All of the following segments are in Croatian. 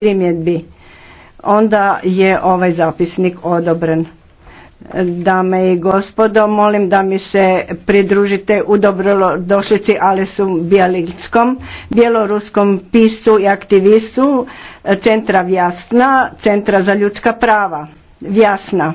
primjedbi, onda je ovaj zapisnik odobren. Dame i gospodo, molim da mi se pridružite u dobrodošlici Alesu Bjelinskom, bjeloruskom pisu i aktivistu Centra Vjasna, Centra za ljudska prava. Vjasna.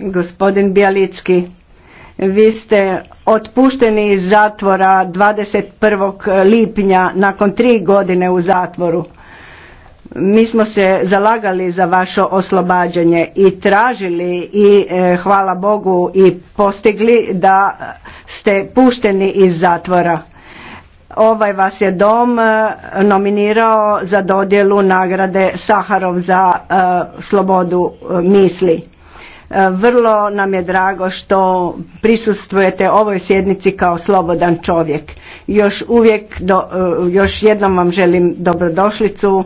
Gospodin Bjalicki, vi ste otpušteni iz zatvora 21. lipnja nakon tri godine u zatvoru. Mi smo se zalagali za vaše oslobađanje i tražili i e, hvala Bogu i postigli da ste pušteni iz zatvora. Ovaj vas je dom e, nominirao za dodjelu nagrade Saharov za e, slobodu misli. E, vrlo nam je drago što prisustvujete ovoj sjednici kao slobodan čovjek. Još uvijek, do, e, još jednom vam želim dobrodošlicu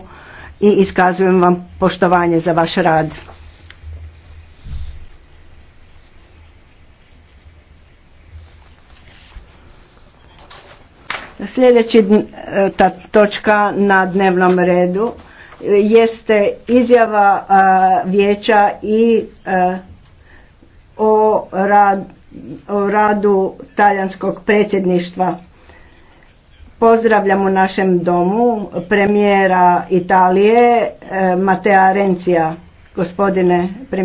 i iskazujem vam poštovanje za vaš rad. Sljedeća e, ta točka na dnevnom redu jeste izjava vijeća i o radu talijanskog predsjedništva. Pozdravljam u našem domu premijera Italije eh, Matea Rencija, gospodine premijer.